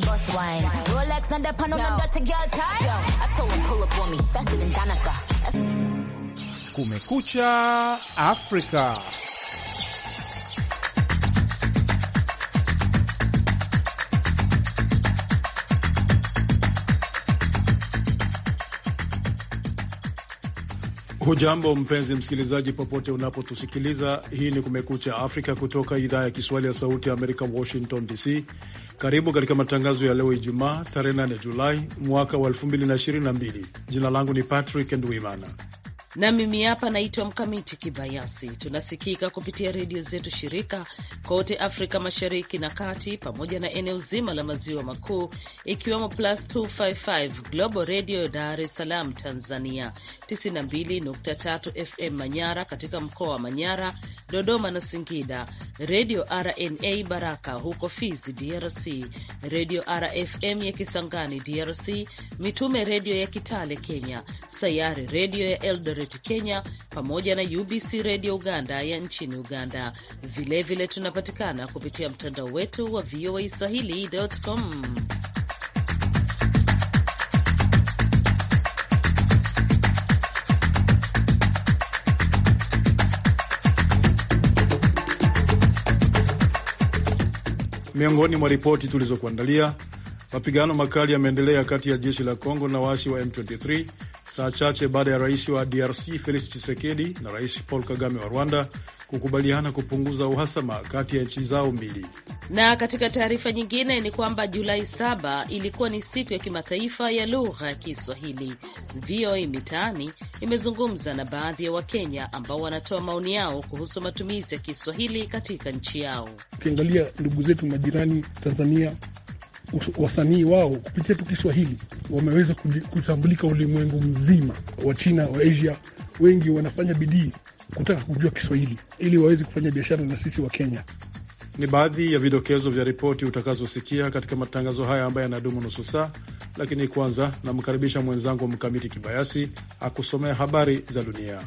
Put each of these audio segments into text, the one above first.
bossy bus wine. Rolex and the panel na the girl tie. Yo, I told him pull up on me, faster than Danica. Kumekucha Africa. Hujambo mpenzi msikilizaji, popote unapotusikiliza. Hii ni Kumekucha Afrika kutoka idhaa ya Kiswahili ya Sauti ya Amerika, Washington DC. Karibu katika matangazo ya leo Ijumaa, tarehe 8 Julai mwaka wa 2022. Jina langu ni Patrick Ndwimana na mimi hapa naitwa Mkamiti Kibayasi. Tunasikika kupitia redio zetu shirika kote Afrika Mashariki na Kati, pamoja na eneo zima la maziwa makuu, ikiwemo Plus 255 Global Radio Dar es Salaam Tanzania, 92.3 FM Manyara katika mkoa wa Manyara, Dodoma na Singida, Redio RNA Baraka huko Fizi DRC, Redio RFM ya Kisangani DRC, Mitume Redio ya Kitale Kenya, Sayari Redio ya Eldoret Eldoret Kenya, pamoja na UBC redio Uganda ya nchini Uganda. Vilevile vile tunapatikana kupitia mtandao wetu wa VOA Swahili.com. Miongoni mwa ripoti tulizokuandalia, mapigano makali yameendelea kati ya jeshi la Kongo na waasi wa M23 saa chache baada ya rais wa DRC Felix Tshisekedi na rais Paul Kagame wa Rwanda kukubaliana kupunguza uhasama kati ya nchi zao mbili. Na katika taarifa nyingine ni kwamba Julai saba ilikuwa ni siku ya kimataifa ya lugha ya Kiswahili. VOA Mitaani imezungumza na baadhi ya Wakenya ambao wanatoa maoni yao kuhusu matumizi ya Kiswahili katika nchi yao. Ukiangalia ndugu zetu majirani Tanzania wasanii wao kupitia tu Kiswahili wameweza kutambulika ulimwengu mzima. Wachina wa Asia wengi wanafanya bidii kutaka kujua Kiswahili ili waweze kufanya biashara na sisi wa Kenya. Ni baadhi ya vidokezo vya ripoti utakazosikia katika matangazo haya ambayo yanadumu nusu saa, lakini kwanza namkaribisha mwenzangu Mkamiti Kibayasi akusomea habari za dunia.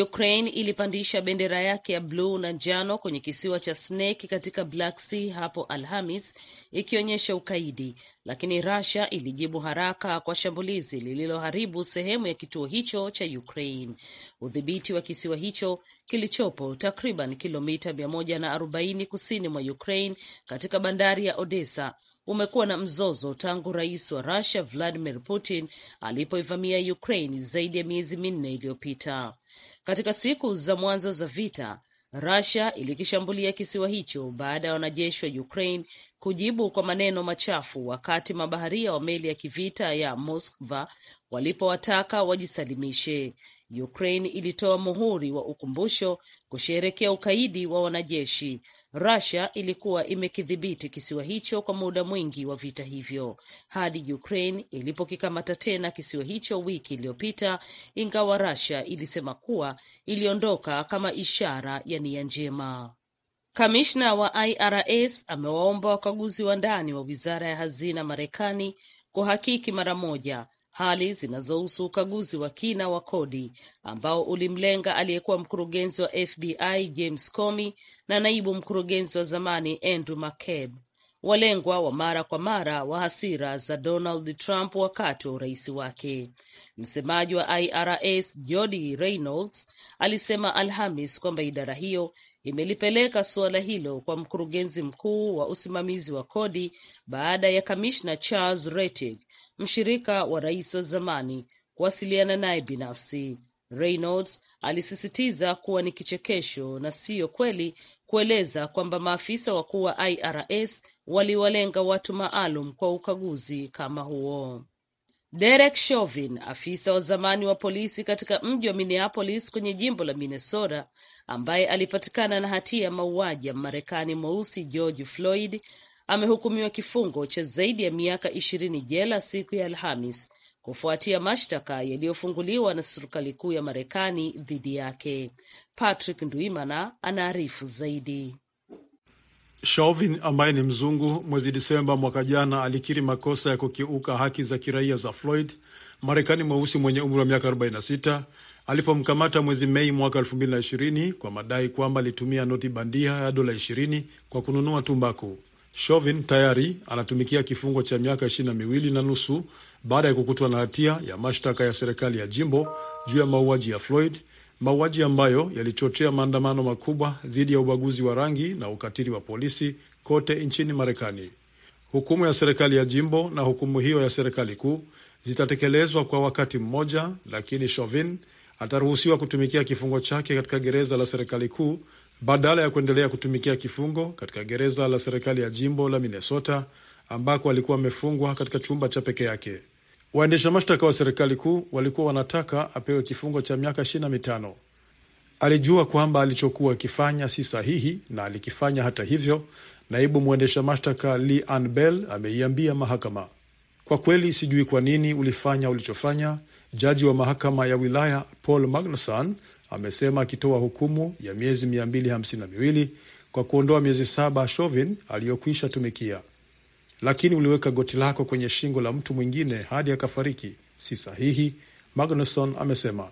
Ukraine ilipandisha bendera yake ya bluu na njano kwenye kisiwa cha Snake katika Black Sea hapo Alhamis, ikionyesha ukaidi, lakini Russia ilijibu haraka kwa shambulizi lililoharibu sehemu ya kituo hicho cha Ukraine. Udhibiti wa kisiwa hicho kilichopo takriban kilomita 140 kusini mwa Ukraine katika bandari ya Odessa umekuwa na mzozo tangu rais wa Russia Vladimir Putin alipoivamia Ukraine zaidi ya miezi minne iliyopita. Katika siku za mwanzo za vita, Russia ilikishambulia kisiwa hicho baada ya wanajeshi wa Ukraine kujibu kwa maneno machafu wakati mabaharia wa meli ya kivita ya Moskva walipowataka wajisalimishe. Ukraine ilitoa muhuri wa ukumbusho kusheherekea ukaidi wa wanajeshi Russia ilikuwa imekidhibiti kisiwa hicho kwa muda mwingi wa vita hivyo hadi Ukraine ilipokikamata tena kisiwa hicho wiki iliyopita, ingawa Russia ilisema kuwa iliondoka kama ishara ya nia njema. Kamishna wa IRS amewaomba wakaguzi wa ndani wa wizara ya hazina Marekani kuhakiki mara moja hali zinazohusu ukaguzi wa kina wa kodi ambao ulimlenga aliyekuwa mkurugenzi wa FBI James Comey na naibu mkurugenzi wa zamani Andrew McCabe, walengwa wa mara kwa mara wa hasira za Donald Trump wakati wa urais wake. Msemaji wa IRS Jody Reynolds alisema Alhamis kwamba idara hiyo imelipeleka suala hilo kwa mkurugenzi mkuu wa usimamizi wa kodi baada ya kamishna Charles Rettig mshirika wa rais wa zamani, kuwasiliana naye binafsi. Reynolds alisisitiza kuwa ni kichekesho na siyo kweli kueleza kwamba maafisa wakuu wa IRS waliwalenga watu maalum kwa ukaguzi kama huo. Derek Chauvin, afisa wa zamani wa polisi katika mji wa Minneapolis kwenye jimbo la Minnesota, ambaye alipatikana na hatia ya mauaji ya Marekani mweusi George Floyd, amehukumiwa kifungo cha zaidi ya miaka ishirini jela siku ya Alhamis kufuatia mashtaka yaliyofunguliwa na serikali kuu ya Marekani dhidi yake. Patrick Ndwimana anaarifu zaidi. Chauvin ambaye ni mzungu, mwezi Disemba mwaka jana alikiri makosa ya kukiuka haki za kiraia za Floyd, Marekani mweusi mwenye umri wa miaka 46 alipomkamata mwezi Mei mwaka 2020 kwa madai kwamba alitumia noti bandia ya dola 20 kwa kununua tumbaku. Chauvin tayari anatumikia kifungo cha miaka ishirini na miwili na nusu baada ya kukutwa na hatia ya mashtaka ya serikali ya jimbo juu ya mauaji ya Floyd, mauaji ambayo yalichochea maandamano makubwa dhidi ya ubaguzi wa rangi na ukatili wa polisi kote nchini Marekani. Hukumu ya serikali ya jimbo na hukumu hiyo ya serikali kuu zitatekelezwa kwa wakati mmoja, lakini Chauvin ataruhusiwa kutumikia kifungo chake katika gereza la serikali kuu badala ya kuendelea kutumikia kifungo katika gereza la serikali ya jimbo la Minnesota ambako alikuwa amefungwa katika chumba cha peke yake. Waendesha mashtaka wa serikali kuu walikuwa wanataka apewe kifungo cha miaka ishirini na mitano. Alijua kwamba alichokuwa akifanya si sahihi na alikifanya hata hivyo, naibu mwendesha mashtaka Lee Ann Bell ameiambia mahakama. Kwa kweli sijui kwa nini ulifanya ulichofanya, jaji wa mahakama ya wilaya Paul Magnuson amesema akitoa hukumu ya miezi mia mbili hamsini na miwili kwa kuondoa miezi saba Chauvin aliyokwisha tumikia. Lakini uliweka goti lako kwenye shingo la mtu mwingine hadi akafariki, si sahihi, Magnuson amesema.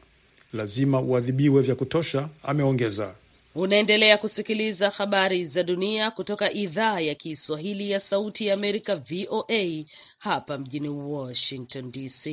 Lazima uadhibiwe vya kutosha, ameongeza. Unaendelea kusikiliza habari za dunia kutoka idhaa ya Kiswahili ya Sauti ya Amerika, VOA, hapa mjini Washington DC.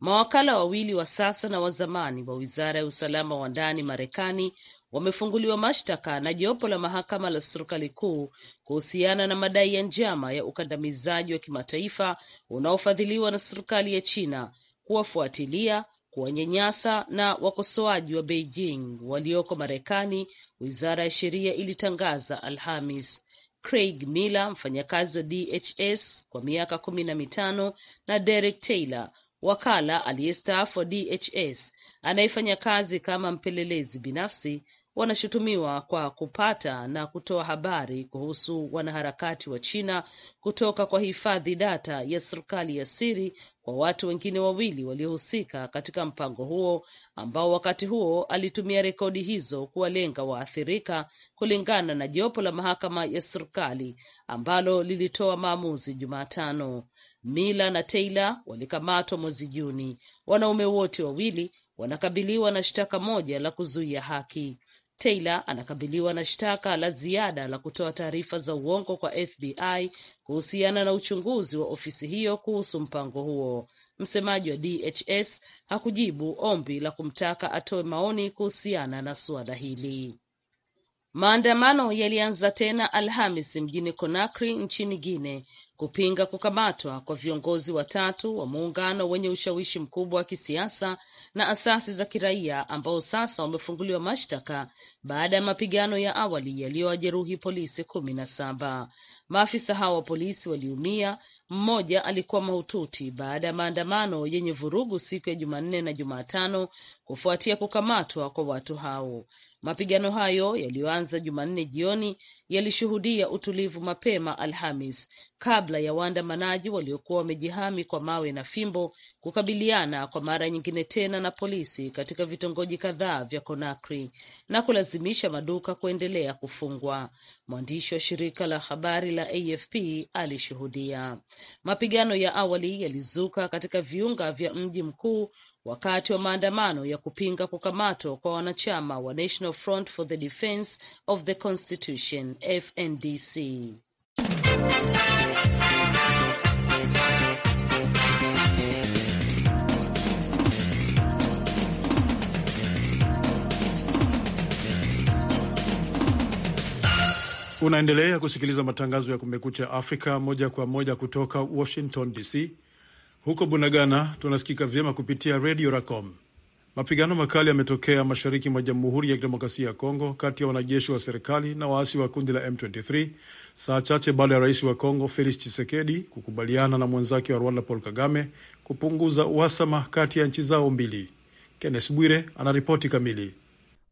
Mawakala wawili wa sasa na wa zamani wa wizara ya usalama wa ndani Marekani wamefunguliwa mashtaka na jopo la mahakama la serikali kuu kuhusiana na madai ya njama ya ukandamizaji wa kimataifa unaofadhiliwa na serikali ya China kuwafuatilia kuwanyanyasa na wakosoaji wa Beijing walioko Marekani, wizara ya sheria ilitangaza Alhamis. Craig Miller, mfanyakazi wa DHS kwa miaka kumi na mitano, na Derek Taylor, wakala aliyestaafu wa DHS anayefanya kazi kama mpelelezi binafsi wanashutumiwa kwa kupata na kutoa habari kuhusu wanaharakati wa China kutoka kwa hifadhi data ya serikali ya siri kwa watu wengine wawili waliohusika katika mpango huo ambao wakati huo alitumia rekodi hizo kuwalenga waathirika, kulingana na jopo la mahakama ya serikali ambalo lilitoa maamuzi Jumatano mila na Taylor walikamatwa mwezi Juni. Wanaume wote wawili wanakabiliwa na shtaka moja la kuzuia haki. Taylor anakabiliwa na shtaka la ziada la kutoa taarifa za uongo kwa FBI kuhusiana na uchunguzi wa ofisi hiyo kuhusu mpango huo. Msemaji wa DHS hakujibu ombi la kumtaka atoe maoni kuhusiana na suala hili. Maandamano yalianza tena alhamis mjini Conakry nchini guine kupinga kukamatwa kwa viongozi watatu wa muungano wenye ushawishi mkubwa wa kisiasa na asasi za kiraia ambao sasa wamefunguliwa mashtaka baada ya mapigano ya awali yaliyowajeruhi polisi kumi na saba. Maafisa hao wa polisi waliumia, mmoja alikuwa mahututi baada ya maandamano yenye vurugu siku ya Jumanne na Jumatano kufuatia kukamatwa kwa watu hao. Mapigano hayo yaliyoanza Jumanne jioni yalishuhudia utulivu mapema Alhamis kabla ya waandamanaji waliokuwa wamejihami kwa mawe na fimbo kukabiliana kwa mara nyingine tena na polisi katika vitongoji kadhaa vya Conakry na kulazimisha maduka kuendelea kufungwa. Mwandishi wa shirika la habari la AFP alishuhudia mapigano ya awali yalizuka katika viunga vya mji mkuu wakati wa maandamano ya kupinga kukamatwa kwa wanachama wa National Front for the Defense of the Constitution FNDC. Unaendelea kusikiliza matangazo ya Kumekucha Afrika moja kwa moja kutoka Washington DC. Huko Bunagana tunasikika vyema kupitia redio Racom. Mapigano makali yametokea mashariki mwa Jamhuri ya Kidemokrasia ya Kongo kati ya wanajeshi wa serikali na waasi wa kundi la M23 saa chache baada ya rais wa Kongo Felix Tshisekedi kukubaliana na mwenzake wa Rwanda Paul Kagame kupunguza uhasama kati ya nchi zao mbili. Kenneth Bwire anaripoti kamili.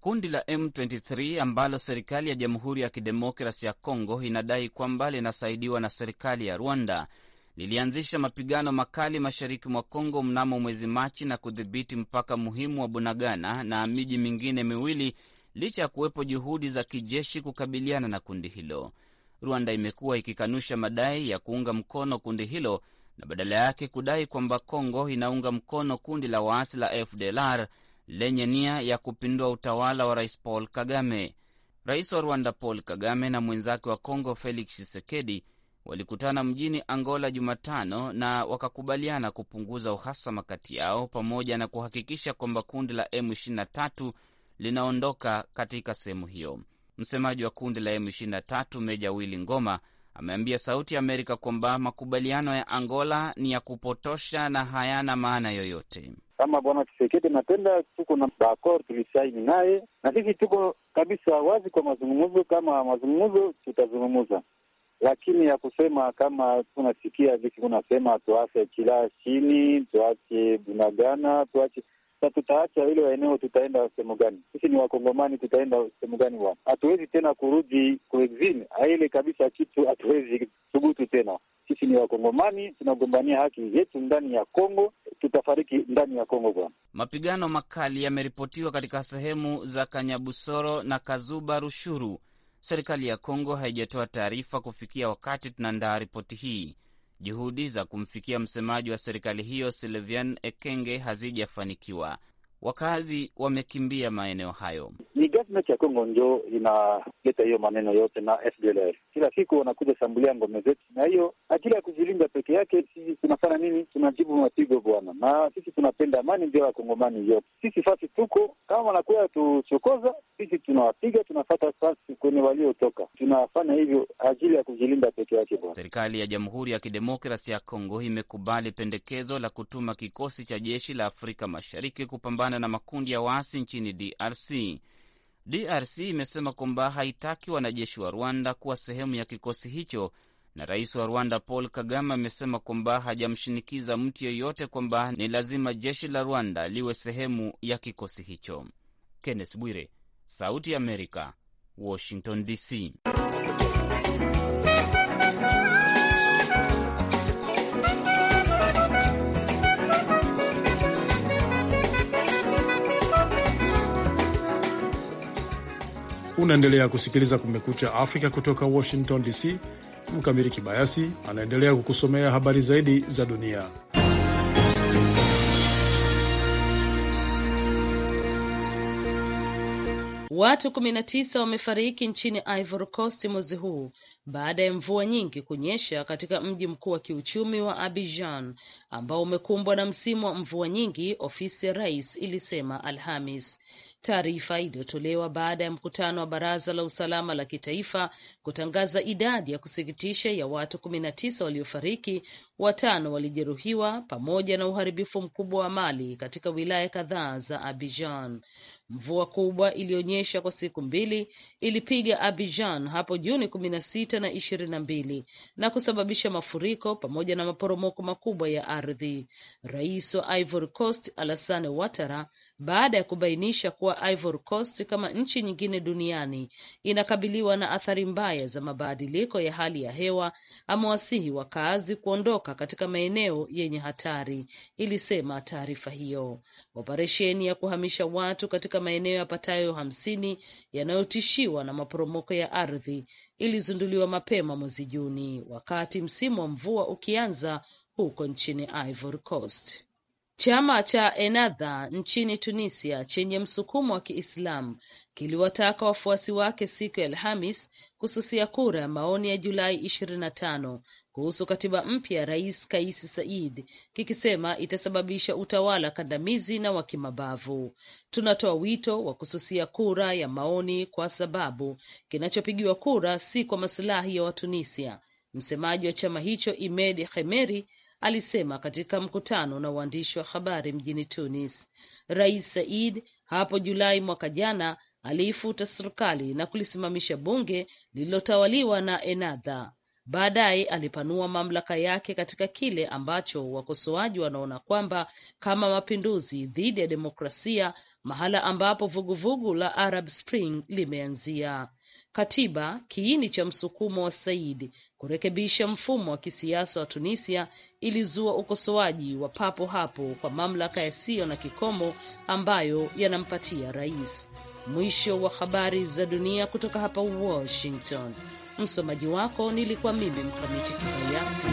Kundi la M23 ambalo serikali ya Jamhuri ya Kidemokrasi ya Kongo inadai kwamba linasaidiwa na serikali ya Rwanda lilianzisha mapigano makali mashariki mwa Kongo mnamo mwezi Machi na kudhibiti mpaka muhimu wa Bunagana na miji mingine miwili licha ya kuwepo juhudi za kijeshi kukabiliana na kundi hilo. Rwanda imekuwa ikikanusha madai ya kuunga mkono kundi hilo na badala yake kudai kwamba Kongo inaunga mkono kundi la waasi la FDLR lenye nia ya kupindua utawala wa Rais Paul Kagame. Rais wa Rwanda Paul Kagame na mwenzake wa Kongo Felix Tshisekedi walikutana mjini Angola Jumatano na wakakubaliana kupunguza uhasama kati yao pamoja na kuhakikisha kwamba kundi la M23 linaondoka katika sehemu hiyo. Msemaji wa kundi la M23 Meja Willy Ngoma ameambia Sauti ya Amerika kwamba makubaliano ya Angola ni ya kupotosha na hayana maana yoyote. Kama bwana Kisekedi napenda tuko na bakor tulisaini naye, na sisi tuko kabisa wazi kwa mazungumuzo. Kama mazungumuzo tutazungumuza lakini ya kusema kama tunasikia viki kunasema tuache kilaa chini, tuache bunagana, tuache na tutaacha hilo eneo, tutaenda sehemu gani? Sisi ni Wakongomani, tutaenda sehemu gani? Wa hatuwezi tena kurudi kuexil aile kabisa, kitu hatuwezi thubutu tena. Sisi ni Wakongomani, tunagombania haki yetu ndani ya Kongo, tutafariki ndani ya Kongo. Bwana, mapigano makali yameripotiwa katika sehemu za Kanyabusoro na Kazuba Rushuru serikali ya Kongo haijatoa taarifa kufikia wakati tunaandaa ripoti hii. Juhudi za kumfikia msemaji wa serikali hiyo Silvian Ekenge hazijafanikiwa. Wakazi wamekimbia maeneo hayo. Government ya Kongo njo inaleta hiyo maneno yote na FDLR kila siku wanakuja shambulia ngome zetu, na hiyo ajili ya kujilinda peke yake. Sisi tunafanya nini? Tunajibu mapigo bwana, na sisi tunapenda amani, ndio wakongomani yote sisi. Fasi tuko kama wanakuwa tuchokoza sisi, tunawapiga tunafata fasi kwenye waliotoka. Tunafanya hivyo ajili ya kujilinda peke yake bwana. Serikali ya Jamhuri ya Kidemokrasi ya Kongo imekubali pendekezo la kutuma kikosi cha jeshi la Afrika Mashariki kupambana na makundi ya waasi nchini DRC. DRC imesema kwamba haitaki wanajeshi wa Rwanda kuwa sehemu ya kikosi hicho, na rais wa Rwanda Paul Kagame amesema kwamba hajamshinikiza mtu yeyote kwamba ni lazima jeshi la Rwanda liwe sehemu ya kikosi hicho. Kenneth Bwire, Sauti ya Amerika, Washington DC. Unaendelea kusikiliza Kumekucha Afrika kutoka Washington DC. mkamiri Kibayasi anaendelea kukusomea habari zaidi za dunia. Watu 19 wamefariki nchini Ivory Coast mwezi huu baada ya mvua nyingi kunyesha katika mji mkuu wa kiuchumi wa Abidjan ambao umekumbwa na msimu wa mvua nyingi, ofisi ya rais ilisema Alhamis. Taarifa iliyotolewa baada ya mkutano wa Baraza la Usalama la Kitaifa kutangaza idadi ya kusikitisha ya watu kumi na tisa waliofariki, watano walijeruhiwa, pamoja na uharibifu mkubwa wa mali katika wilaya kadhaa za Abidjan. Mvua kubwa iliyonyesha kwa siku mbili ilipiga Abidjan hapo Juni kumi na sita na ishirini na mbili na kusababisha mafuriko pamoja na maporomoko makubwa ya ardhi. Rais wa Ivory Coast Alassane Ouattara, baada ya kubainisha kuwa Ivory Coast kama nchi nyingine duniani inakabiliwa na athari mbaya za mabadiliko ya hali ya hewa, amewasihi wakaazi kuondoka katika maeneo yenye hatari, ilisema taarifa hiyo. Operesheni ya kuhamisha watu katika katika maeneo yapatayo hamsini yanayotishiwa na maporomoko ya ardhi ilizinduliwa mapema mwezi Juni wakati msimu wa mvua ukianza huko nchini Ivory Coast. Chama cha Ennahda nchini Tunisia chenye msukumo wa Kiislamu kiliwataka wafuasi wake siku ya Alhamis kususia kura ya maoni ya Julai ishirini na tano kuhusu katiba mpya ya Rais Kais Saied, kikisema itasababisha utawala kandamizi na wa kimabavu. Tunatoa wito wa kususia kura ya maoni kwa sababu kinachopigiwa kura si kwa masilahi ya Watunisia, msemaji wa chama hicho Imed Hemeri alisema katika mkutano na waandishi wa habari mjini Tunis. Rais Said hapo Julai mwaka jana aliifuta serikali na kulisimamisha bunge lililotawaliwa na Enadha. Baadaye alipanua mamlaka yake katika kile ambacho wakosoaji wanaona kwamba kama mapinduzi dhidi ya demokrasia, mahala ambapo vuguvugu vugu la Arab Spring limeanzia. Katiba, kiini cha msukumo wa Said kurekebisha mfumo wa kisiasa wa Tunisia, ilizua ukosoaji wa papo hapo kwa mamlaka yasiyo na kikomo ambayo yanampatia rais. Mwisho wa habari za dunia kutoka hapa Washington. Msomaji wako nilikuwa mimi Mkamiti Kibayasi.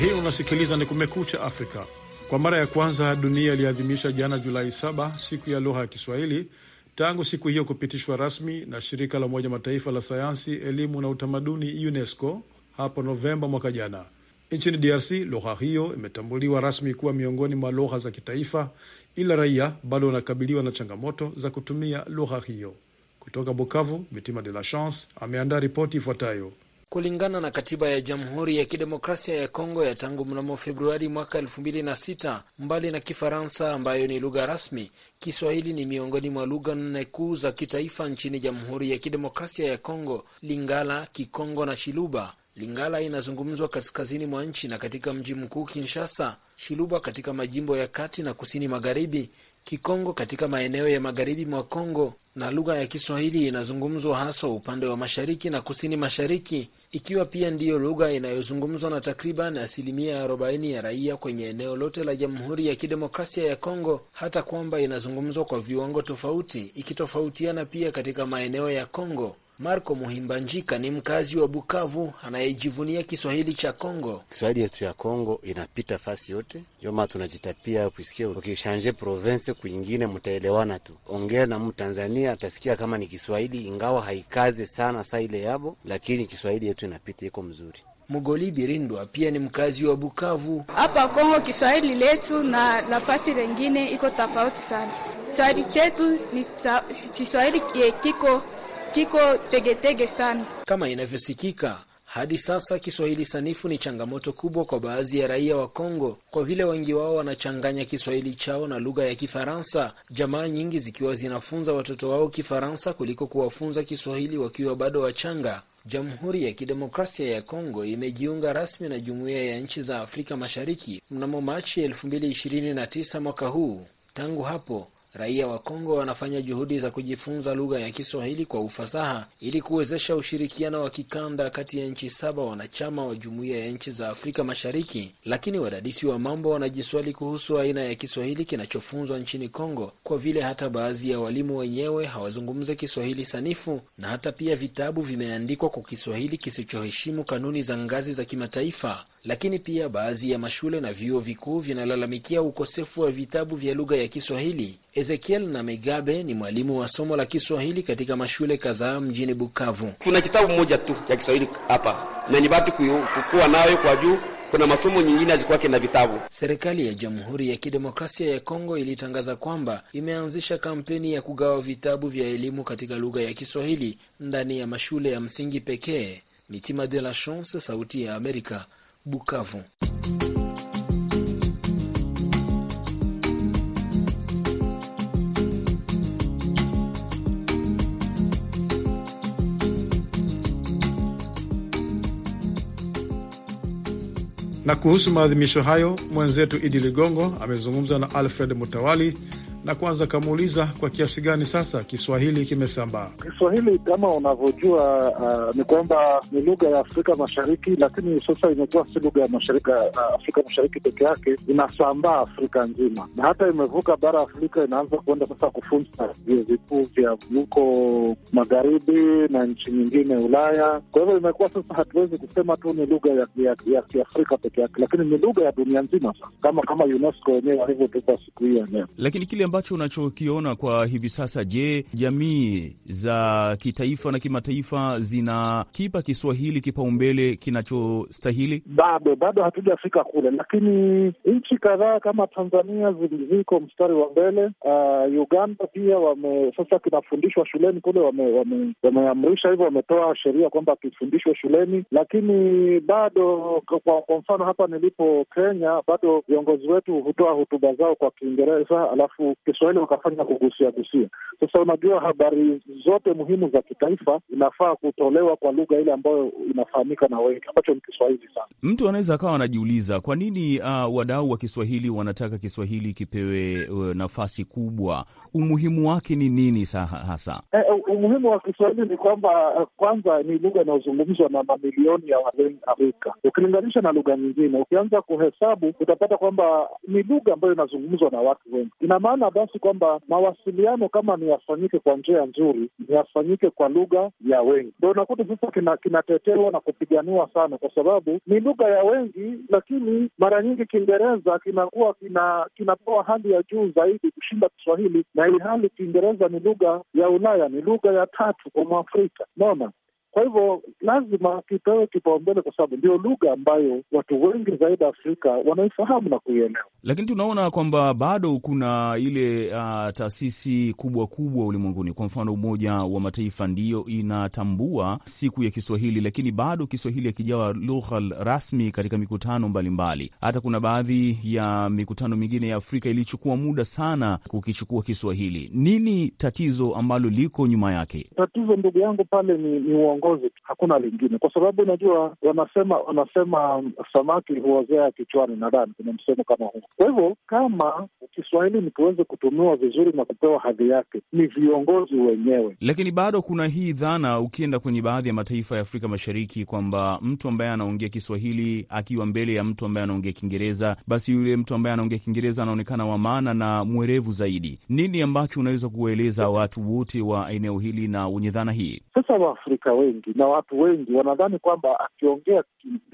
Hii unasikiliza ni Kumekucha Afrika. Kwa mara ya kwanza dunia iliadhimisha jana Julai 7 siku ya lugha ya Kiswahili tangu siku hiyo kupitishwa rasmi na shirika la Umoja Mataifa la sayansi, elimu na utamaduni UNESCO hapo Novemba mwaka jana. Nchini DRC lugha hiyo imetambuliwa rasmi kuwa miongoni mwa lugha za kitaifa, ila raia bado wanakabiliwa na changamoto za kutumia lugha hiyo. Kutoka Bukavu, Mitima de la Chance ameandaa ripoti ifuatayo. Kulingana na katiba ya Jamhuri ya Kidemokrasia ya Kongo ya tangu mnamo Februari mwaka elfu mbili na sita, mbali na Kifaransa ambayo ni lugha rasmi, Kiswahili ni miongoni mwa lugha nne kuu za kitaifa nchini Jamhuri ya Kidemokrasia ya Kongo: Lingala, Kikongo na Chiluba. Lingala inazungumzwa kaskazini mwa nchi na katika mji mkuu Kinshasa, Shiluba katika majimbo ya kati na kusini magharibi, Kikongo katika maeneo ya magharibi mwa Kongo, na lugha ya Kiswahili inazungumzwa haswa upande wa mashariki na kusini mashariki, ikiwa pia ndiyo lugha inayozungumzwa na takriban asilimia 40 ya raia kwenye eneo lote la Jamhuri ya Kidemokrasia ya Kongo, hata kwamba inazungumzwa kwa viwango tofauti, ikitofautiana pia katika maeneo ya Kongo. Marco Muhimbanjika ni mkazi wa Bukavu anayejivunia Kiswahili cha Kongo. Kiswahili yetu ya Kongo inapita fasi yote, ndio tunajitapia kuisikia. Ukishanje province kwingine, mtaelewana tu, ongea na Mtanzania atasikia kama ni Kiswahili, ingawa haikaze sana saa ile yabo, lakini Kiswahili yetu inapita, iko mzuri. Mugoli Birindwa pia ni mkazi wa Bukavu. Hapa Kongo Kiswahili letu na nafasi lengine iko tofauti sana. Kiswahili chetu ni Kiswahili eh, kiko kiko tegetege sana. Kama inavyosikika hadi sasa, Kiswahili sanifu ni changamoto kubwa kwa baadhi ya raia wa Kongo, kwa vile wengi wao wanachanganya Kiswahili chao na lugha ya Kifaransa, jamaa nyingi zikiwa zinafunza watoto wao Kifaransa kuliko kuwafunza Kiswahili wakiwa bado wachanga. Jamhuri ya Kidemokrasia ya Kongo imejiunga rasmi na Jumuiya ya Nchi za Afrika Mashariki mnamo Machi 2029 mwaka huu. Tangu hapo Raia wa Kongo wanafanya juhudi za kujifunza lugha ya Kiswahili kwa ufasaha ili kuwezesha ushirikiano wa kikanda kati ya nchi saba wanachama wa Jumuiya ya Nchi za Afrika Mashariki, lakini wadadisi wa mambo wanajiswali kuhusu aina ya Kiswahili kinachofunzwa nchini Kongo, kwa vile hata baadhi ya walimu wenyewe hawazungumze Kiswahili sanifu na hata pia vitabu vimeandikwa kwa Kiswahili kisichoheshimu kanuni za ngazi za kimataifa lakini pia baadhi ya mashule na vyuo vikuu vinalalamikia ukosefu wa vitabu vya lugha ya Kiswahili. Ezekiel na Megabe ni mwalimu wa somo la Kiswahili katika mashule kadhaa mjini Bukavu. Kuna kitabu moja tu cha Kiswahili hapa na ni bati kukuwa nayo kwa juu kuna masomo nyingine hazikwake na vitabu. Serikali ya Jamhuri ya Kidemokrasia ya Kongo ilitangaza kwamba imeanzisha kampeni ya kugawa vitabu vya elimu katika lugha ya Kiswahili ndani ya mashule ya msingi pekee. Mitima de la Chance, Sauti ya Amerika, Bukavu. Na kuhusu maadhimisho hayo, mwenzetu Idi Ligongo amezungumza na Alfred Mutawali na kwanza kamuuliza kwa kiasi gani sasa Kiswahili kimesambaa. Kiswahili kama unavyojua, uh, ni kwamba ni lugha ya Afrika Mashariki, lakini sasa imekuwa si lugha ya mashariki, uh, Afrika Mashariki peke yake, inasambaa Afrika nzima na hata imevuka bara Afrika, inaanza kuenda sasa kufunza vyuo vikuu vya huko magharibi na nchi nyingine Ulaya. Kwa hivyo imekuwa sasa, hatuwezi kusema tu ni lugha ya, ya kiafrika peke yake, lakini ni lugha ya dunia nzima sasa, kama kama UNESCO wenyewe walivyotupa siku hii ya leo, lakini kile ambacho unachokiona kwa hivi sasa, je, jamii za kitaifa na kimataifa zinakipa Kiswahili kipaumbele kinachostahili? Bado bado hatujafika kule, lakini nchi kadhaa kama Tanzania ziko mstari wa mbele. Uh, Uganda pia wame, sasa kinafundishwa shuleni kule, wameamrisha hivyo, wametoa sheria kwamba kifundishwe shuleni, lakini bado kwa, kwa mfano hapa nilipo Kenya, bado viongozi wetu hutoa hotuba zao kwa Kiingereza alafu Kiswahili wakafanya kugusia gusia. Sasa unajua, habari zote muhimu za kitaifa inafaa kutolewa kwa lugha ile ambayo inafahamika na wengi, ambacho ni Kiswahili. Sana mtu anaweza akawa anajiuliza kwa nini uh, wadau wa Kiswahili wanataka Kiswahili kipewe uh, nafasi kubwa. Umuhimu wake ni nini hasa? Eh, eh, umuhimu wa Kiswahili ni kwamba uh, kwanza ni lugha inayozungumzwa na mamilioni ya watu Afrika ukilinganisha na lugha nyingine. Ukianza kuhesabu utapata kwamba ni lugha ambayo inazungumzwa na watu wengi, ina maana basi kwamba mawasiliano kama ni yafanyike kwa njia nzuri, ni yafanyike kwa lugha ya wengi. Ndo unakuta sasa kina, kinatetewa na kupiganiwa sana, kwa sababu ni lugha ya wengi, lakini mara nyingi Kiingereza kinakuwa kina kinapewa hali ya juu zaidi kushinda Kiswahili, na ili hali Kiingereza ni lugha ya Ulaya, ni lugha ya tatu kwa Mwafrika. naona kwa hivyo lazima kipewe kipaumbele, kwa sababu ndio lugha ambayo watu wengi zaidi Afrika wanaifahamu na kuielewa. Lakini tunaona kwamba bado kuna ile uh, taasisi kubwa kubwa ulimwenguni, kwa mfano Umoja wa Mataifa ndiyo inatambua siku ya Kiswahili, lakini bado Kiswahili hakijawa lugha rasmi katika mikutano mbalimbali mbali. Hata kuna baadhi ya mikutano mingine ya Afrika ilichukua muda sana kukichukua Kiswahili. Nini tatizo ambalo liko nyuma yake? Tatizo ndugu yangu pale ni, ni uongozi, hakuna lingine, kwa sababu unajua wanasema wanasema samaki huozea kichwani, nadhani kuna msemo kama huu. Kwa hivyo kama Kiswahili ni kuweze kutumiwa vizuri na kupewa hadhi yake, ni viongozi wenyewe. Lakini bado kuna hii dhana, ukienda kwenye baadhi ya mataifa ya Afrika Mashariki, kwamba mtu ambaye anaongea Kiswahili akiwa mbele ya mtu ambaye anaongea Kiingereza, basi yule mtu ambaye anaongea Kiingereza anaonekana wa maana na mwerevu zaidi. Nini ambacho unaweza kuwaeleza watu wote wa eneo hili na wenye dhana hii? Sasa Waafrika wengi wengi na watu wengi wanadhani kwamba akiongea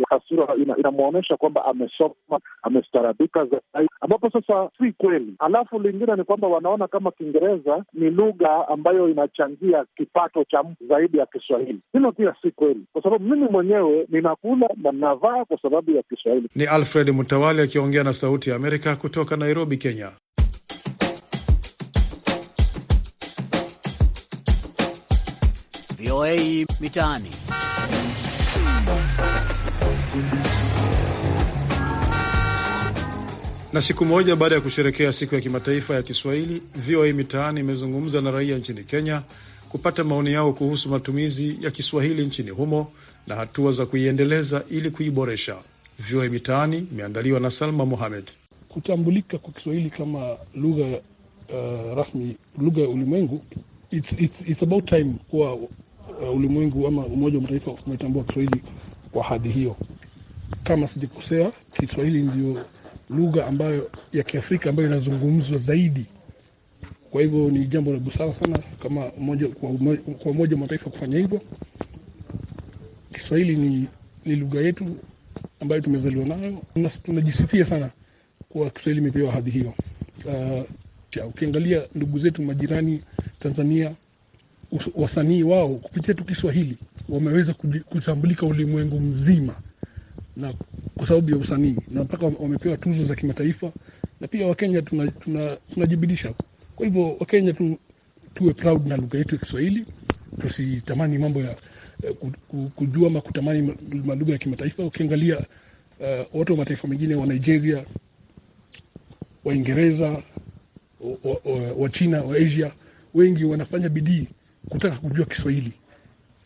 kasura inamwonyesha ina kwamba amesoma amestarabika zaidi, ambapo sasa si kweli. Alafu lingine ni kwamba wanaona kama Kiingereza ni lugha ambayo inachangia kipato cha mtu zaidi ya Kiswahili. Hilo pia si kweli, kwa sababu mimi mwenyewe ninakula na ninavaa kwa sababu ya Kiswahili. Ni Alfred Mtawali akiongea na Sauti ya Amerika kutoka Nairobi, Kenya. VOA Mitaani. Na siku moja baada ya kusherekea siku ya kimataifa ya Kiswahili, VOA Mitaani imezungumza na raia nchini Kenya kupata maoni yao kuhusu matumizi ya Kiswahili nchini humo na hatua za kuiendeleza ili kuiboresha. VOA Mitaani imeandaliwa na Salma Mohamed. Kutambulika kwa Kiswahili kama lugha uh, rasmi, lugha ya ulimwengu, it's, it's, it's about time kuwa uh, ulimwengu ama Umoja wa Mataifa umetambua Kiswahili kwa hadhi hiyo. Kama sijakosea, Kiswahili ndio lugha ambayo ya Kiafrika ambayo inazungumzwa zaidi. Kwa hivyo ni jambo la busara sana kama umoja, kwa umoja, wa Mataifa kufanya hivyo. Kiswahili ni, ni lugha yetu ambayo tumezaliwa nayo, tunajisifia sana kwa Kiswahili imepewa hadhi hiyo. Uh, ukiangalia ndugu zetu majirani Tanzania wasanii wao kupitia tu Kiswahili wameweza kutambulika ulimwengu mzima, na kwa sababu ya usanii na mpaka wamepewa tuzo za kimataifa, na pia Wakenya tunajibidisha tuna, tuna kwa hivyo Wakenya tu, tuwe proud na lugha yetu ya Kiswahili, tusitamani mambo ya eh, kujua ama kutamani malugha ya kimataifa. Ukiangalia uh, watu wa mataifa mengine wa Nigeria, Waingereza, Wachina wa, wa, wa Asia wengi wanafanya bidii kutaka kujua Kiswahili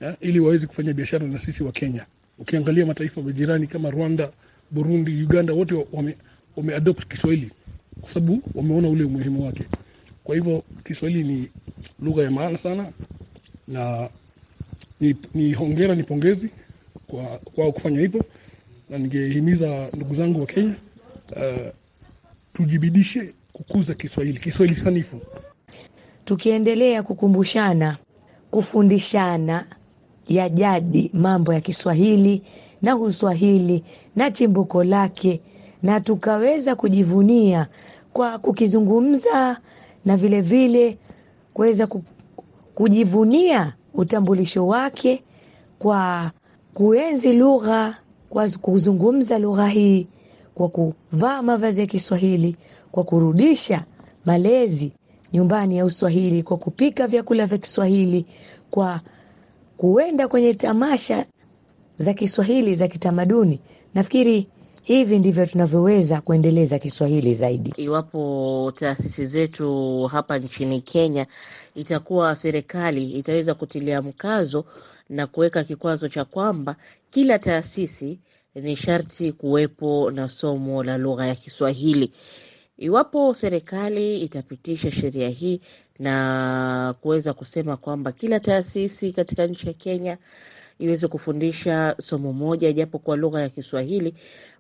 ya, eh, ili waweze kufanya biashara na sisi wa Kenya. Ukiangalia mataifa jirani kama Rwanda, Burundi, Uganda wote wame, adopt Kiswahili kwa sababu wameona ule umuhimu wake. Kwa hivyo Kiswahili ni lugha ya maana sana na ni, ni hongera ni pongezi kwa, kwa kufanya hivyo, na ningehimiza ndugu zangu wa Kenya uh, tujibidishe kukuza Kiswahili, Kiswahili sanifu, tukiendelea kukumbushana kufundishana ya jadi mambo ya Kiswahili na Uswahili na chimbuko lake, na tukaweza kujivunia kwa kukizungumza na vile vile kuweza kujivunia utambulisho wake kwa kuenzi lugha, kwa kuzungumza lugha hii, kwa kuvaa mavazi ya Kiswahili, kwa kurudisha malezi nyumbani ya Uswahili, kwa kupika vyakula vya Kiswahili, kwa kuenda kwenye tamasha za Kiswahili za kitamaduni. Nafikiri hivi ndivyo tunavyoweza kuendeleza Kiswahili zaidi. Iwapo taasisi zetu hapa nchini Kenya, itakuwa serikali itaweza kutilia mkazo na kuweka kikwazo cha kwamba kila taasisi ni sharti kuwepo na somo la lugha ya Kiswahili. Iwapo serikali itapitisha sheria hii na kuweza kusema kwamba kila taasisi katika nchi ya Kenya iweze kufundisha somo moja japo kwa lugha ya Kiswahili,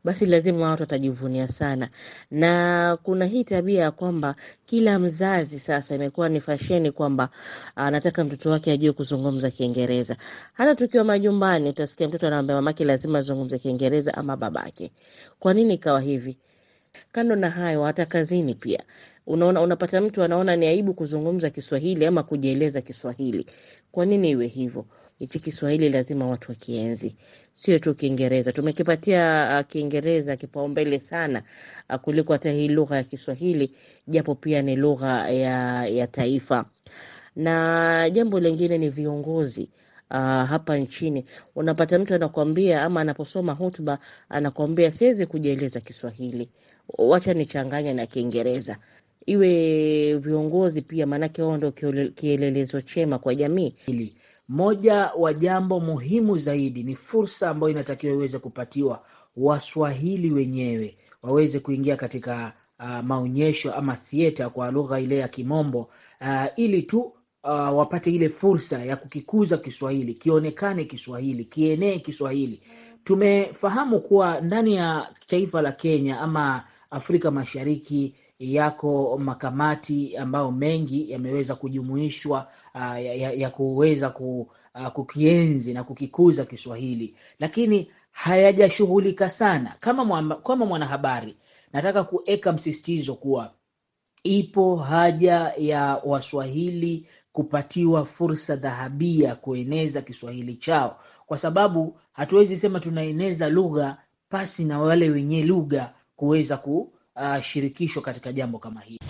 basi lazima watu watajivunia sana. Na kuna hii tabia ya kwamba kila mzazi sasa imekuwa ni fasheni kwamba anataka mtoto wake ajue kuzungumza Kiingereza. Hata tukiwa majumbani, utasikia mtoto anaambia mamake lazima azungumze Kiingereza ama babake. Kwa nini ikawa hivi? Kando na hayo, hata kazini pia unaona, unapata mtu anaona ni aibu kuzungumza Kiswahili ama kujieleza Kiswahili. Kwa nini iwe hivyo? Hichi Kiswahili lazima watu wakienzi, sio tu Kiingereza. Tumekipatia uh, Kiingereza kipaumbele sana uh, kuliko hata hii lugha ya Kiswahili, japo pia ni lugha ya, ya taifa. Na jambo lingine ni viongozi uh, hapa nchini unapata mtu anakuambia ama anaposoma hotuba anakuambia siwezi kujieleza Kiswahili, wacha nichanganye na Kiingereza, iwe viongozi pia, maanake wao ndo kielelezo chema kwa jamii. Hili moja wa jambo muhimu zaidi ni fursa ambayo inatakiwa iweze kupatiwa Waswahili wenyewe waweze kuingia katika uh, maonyesho ama thieta kwa lugha ile ya Kimombo uh, ili tu uh, wapate ile fursa ya kukikuza Kiswahili, kionekane Kiswahili, kienee Kiswahili. Tumefahamu kuwa ndani ya taifa la Kenya ama Afrika Mashariki yako makamati ambayo mengi yameweza kujumuishwa uh, ya, ya, ya kuweza ku, uh, kukienzi na kukikuza Kiswahili, lakini hayajashughulika sana. Kama, mwa, kama mwanahabari nataka kuweka msisitizo kuwa ipo haja ya Waswahili kupatiwa fursa dhahabia kueneza Kiswahili chao, kwa sababu hatuwezi sema tunaeneza lugha pasi na wale wenye lugha kuweza kushirikishwa ah, katika jambo kama hili.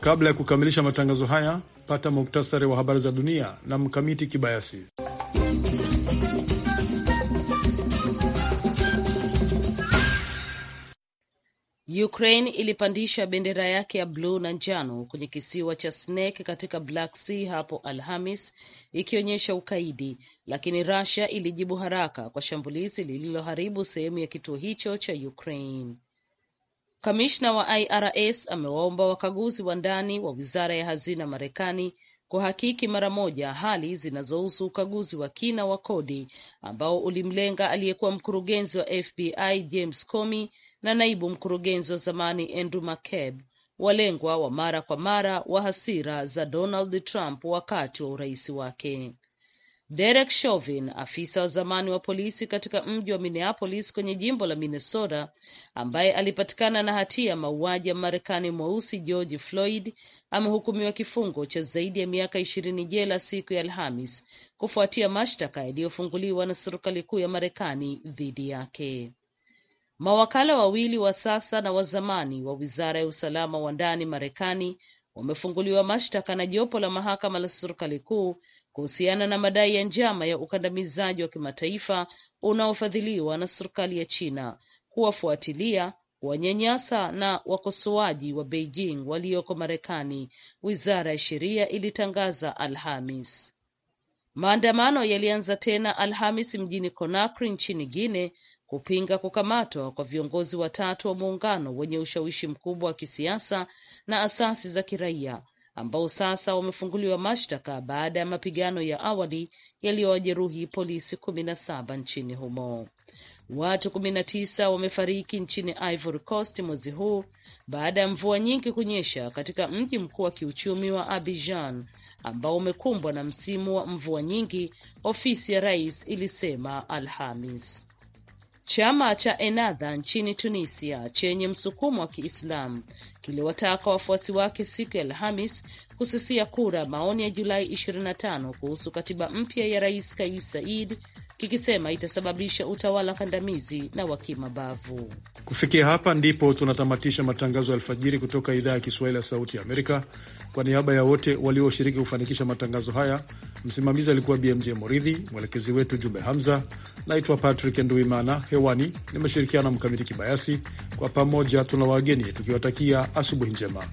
Kabla ya kukamilisha matangazo haya, pata muktasari wa habari za dunia na Mkamiti Kibayasi. Ukraine ilipandisha bendera yake ya bluu na njano kwenye kisiwa cha Snake katika Black Sea hapo Alhamis ikionyesha ukaidi, lakini Russia ilijibu haraka kwa shambulizi lililoharibu sehemu ya kituo hicho cha Ukraine. Kamishna wa IRS amewaomba wakaguzi wa ndani wa Wizara ya Hazina Marekani kuhakiki mara moja hali zinazohusu ukaguzi wa kina wa kodi ambao ulimlenga aliyekuwa mkurugenzi wa FBI James Comey na naibu mkurugenzi wa zamani Andrew McCabe walengwa wa mara kwa mara wa hasira za Donald Trump wakati wa urais wake. Derek Chauvin, afisa wa zamani wa polisi katika mji wa Minneapolis kwenye jimbo la Minnesota, ambaye alipatikana na hatia ya mauaji ya Marekani mweusi George Floyd, amehukumiwa kifungo cha zaidi ya miaka ishirini jela siku ya Alhamis kufuatia mashtaka yaliyofunguliwa na serikali kuu ya Marekani dhidi yake. Mawakala wawili wa sasa na wa zamani wa wizara ya usalama wa ndani Marekani wamefunguliwa mashtaka na jopo la mahakama la serikali kuu kuhusiana na madai ya njama ya ukandamizaji wa kimataifa unaofadhiliwa na serikali ya China kuwafuatilia, wanyanyasa na wakosoaji wa Beijing walioko Marekani, wizara ya sheria ilitangaza Alhamis. Maandamano yalianza tena Alhamis mjini Conakry nchini Guine kupinga kukamatwa kwa viongozi watatu wa muungano wenye ushawishi mkubwa wa kisiasa na asasi za kiraia ambao sasa wamefunguliwa mashtaka baada ya mapigano ya awali yaliyowajeruhi polisi kumi na saba nchini humo. Watu kumi na tisa wamefariki nchini Ivory Coast mwezi huu baada ya mvua nyingi kunyesha katika mji mkuu wa kiuchumi wa Abidjan ambao umekumbwa na msimu wa mvua nyingi, ofisi ya rais ilisema Alhamis. Chama cha Ennahda nchini Tunisia chenye msukumo wa Kiislamu kiliwataka wafuasi wake siku ya Alhamis kususia kura maoni ya Julai 25 kuhusu katiba mpya ya Rais Kais Saied kikisema itasababisha utawala kandamizi na wa kimabavu. Kufikia hapa ndipo tunatamatisha matangazo ya alfajiri kutoka idhaa ya Kiswahili ya Sauti ya Amerika. Kwa niaba ya wote walioshiriki kufanikisha matangazo haya, msimamizi alikuwa BMJ Moridhi, mwelekezi wetu Jumbe Hamza. Naitwa Patrick Nduimana, hewani nimeshirikiana Mkamiti Kibayasi. Kwa pamoja tuna wageni tukiwatakia asubuhi njema.